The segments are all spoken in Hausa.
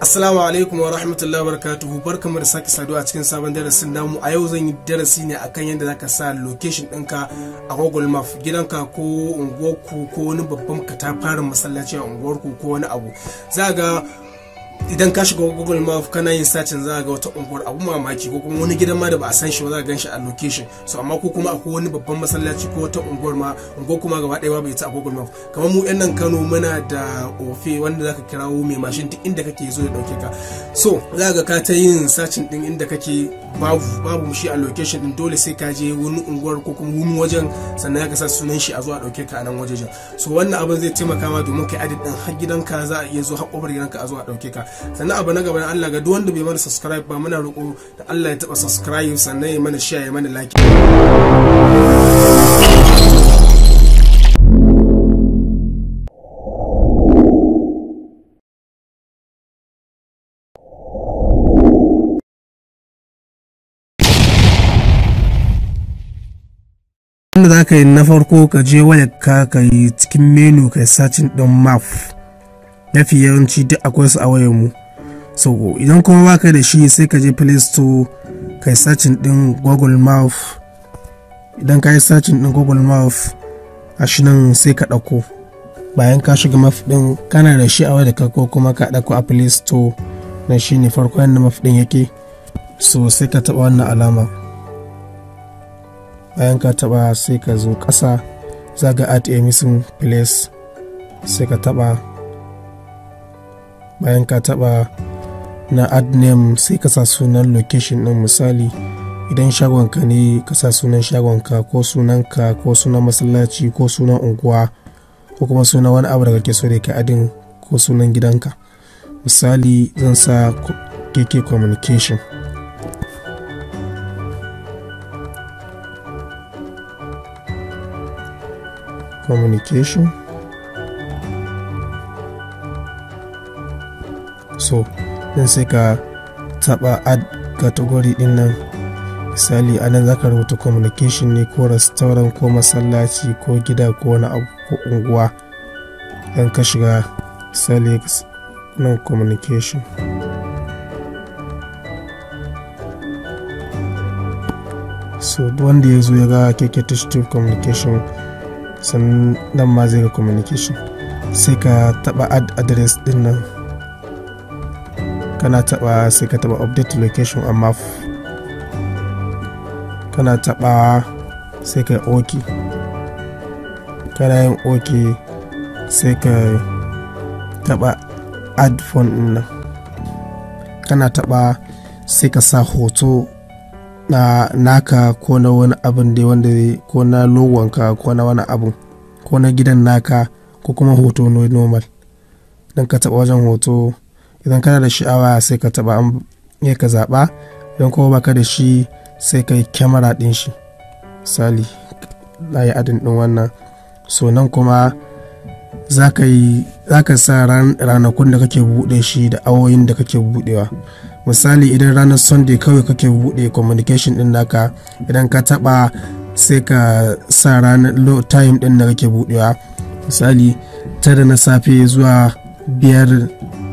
Assalamu alaikum wa rahmatullahi wa barakatuhu barkamu da sake saduwa cikin sabon darasin namu a yau zan yi darasi ne akan yadda zaka sa location ɗinka a Google Map gidanka ko unguwarku ko wani babban katafaren masallaci a unguwarku ko wani abu za ga idan ka shiga google map kana yin sacin za ga wata unguwar abu mamaki ko kuma wani gidan ma da ba a san shi ba za gan shi a location so amma ko kuma akwai wani babban masallaci ko wata unguwar ma ko kuma gaba ɗaya bai ta google map kamar mu yan nan kano muna da ofe wanda zaka kirawo mai mashin duk inda kake zo ya dauke ka so za ga ka ta yin sacin din inda kake babu babu shi a location din dole sai ka je wani unguwar ko kuma wani wajen sannan ka sa sunan shi a zo a dauke ka a nan wajejen so wannan abin zai taimaka ma domin kai adadin har gidanka za a iya zo har kofar gidanka a zo a dauke ka sannan abu na gaba Allah ga duk wanda bai mana subscribe ba muna roƙo da Allah ya taɓa subscribe sannan ya mana share ya mana like wanda za ka yi na farko ka je wayar ka ka yi cikin menu ka yi sacin ɗin map mafi yawanci duk akwai su a wayan mu so idan kuma baka da shi sai ka je play store kai searching din google mouth idan ka yi sacin din google mouth a shi nan sai ka ɗauko bayan ka shiga map din kana da shi a wayar ka ko kuma ka ɗauko a play store na shi ne farko yadda map din yake so sai ka taɓa wannan alama bayan ka taɓa sai ka zo ƙasa za ga at a missing place sai ka taɓa bayan ka taba na ad name sai ka sa sunan location ɗin misali idan shagonka ne ka sa sunan shagonka ko sunanka ko sunan masallaci ko sunan unguwa ko kuma sunan wani abu da ke so da ka adin ko sunan gidanka misali zan sa keke communication communication so don sai ka taba ad category din nan misali a nan zaka rubuta communication ne ko restaurant ko masallaci ko gida ko wani abu ko unguwa don ka shiga misali nan communication so wanda ya zo ya ga keke communication sannan nan ma zai ga communication sai ka taba ad address din nan kana taba sai ka taba update location on map kana taba sai ka ok kana yin ok sai ka taba add phone din nan kana taba sai ka sa hoto na naka ko na wani abin da wanda ko na logonka ko na wani abu ko na gidan naka ko kuma hoto normal don ka taba wajen hoto idan kana da sha'awa sai ka taba an ya ka zaɓa don kuma baka da shi sai ka yi kyamara ɗin shi misali na yi adin din wannan so nan kuma za ka sa ranakun da kake buɗe shi da awoyin da kake buɗewa misali idan ranar sunday kawai kake buɗe communication din naka idan ka taba sai ka sa ranar time ɗin da kake buɗewa misali tara na safe zuwa biyar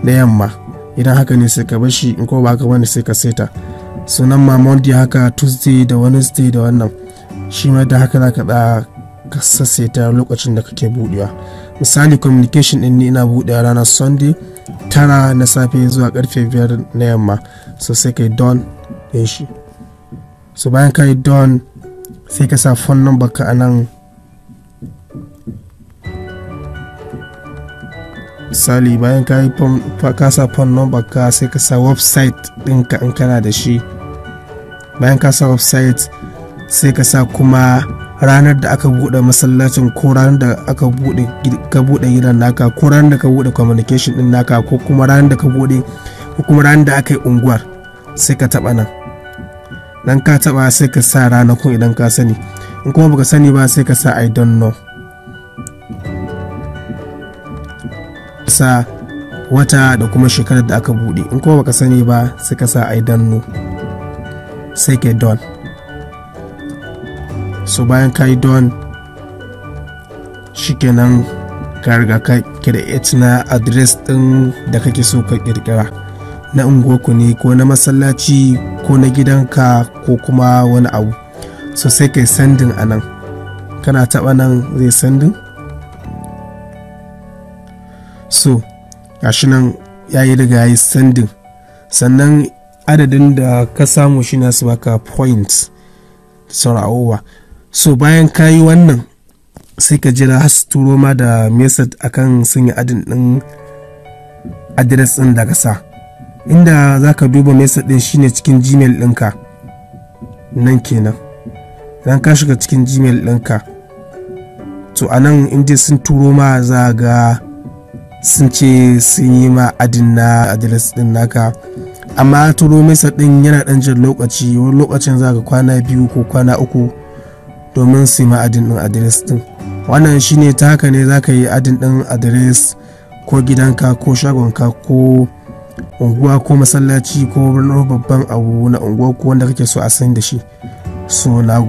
da yamma idan haka ne sai ka bashi in ko ba ka wani sai ka seta sunan ma monday haka tuesday da wednesday da wannan shi ma da haka zaka da ka sasseta lokacin da kake budewa misali communication din ni ina budewa rana sunday tara na safe zuwa karfe biyar na yamma so sai kai don din shi so bayan kai don sai ka sa phone number ka anan misali bayan ka yi kasa phone number ka sai ka sa website ɗinka in kana da shi bayan ka sa website sai ka sa kuma ranar da aka bude masallacin ko ranar da aka bude ka bude gidan naka ko ranar da ka bude communication ɗin naka ko kuma ranar da ka bude ko kuma ranar da aka yi unguwar sai ka taɓa nan dan ka taɓa sai ka sa ranakun idan ka sani in kuma baka sani ba sai ka sa i don't know sa wata da kuma shekarar da aka buɗe in kuma baka sani ba sai ka sa ai danno sai ka don so bayan ka yi don shikenan ka riga ka create na adres ɗin da kake so ka kirkira na unguwarku ne ko na masallaci ko na gidanka ko kuma wani abu so sai ka yi sandin a nan kana taɓa nan zai sandin so gashi nan ya yi riga ya yi sandin sannan adadin da ka samu shi na su baka point saurawowa so bayan ka yi wannan sai ka jira har su turo ma da message akan sun yi adin din address din da ka sa inda za ka duba message din shine cikin gmail ɗinka nan kenan idan ka shiga cikin gmail ɗinka to anan inda sun turo ma za ga sun ce sun yi ma adin na adres din naka amma turo mesa din yana dan jin lokaci wani lokacin za ka kwana biyu ko kwana uku domin su yi ma adin din adres din wannan shine ta haka ne za ka yi adin din adres ko gidanka ko shagonka ko unguwa ko masallaci ko babban abu na unguwa ko wanda kake so a san da shi so na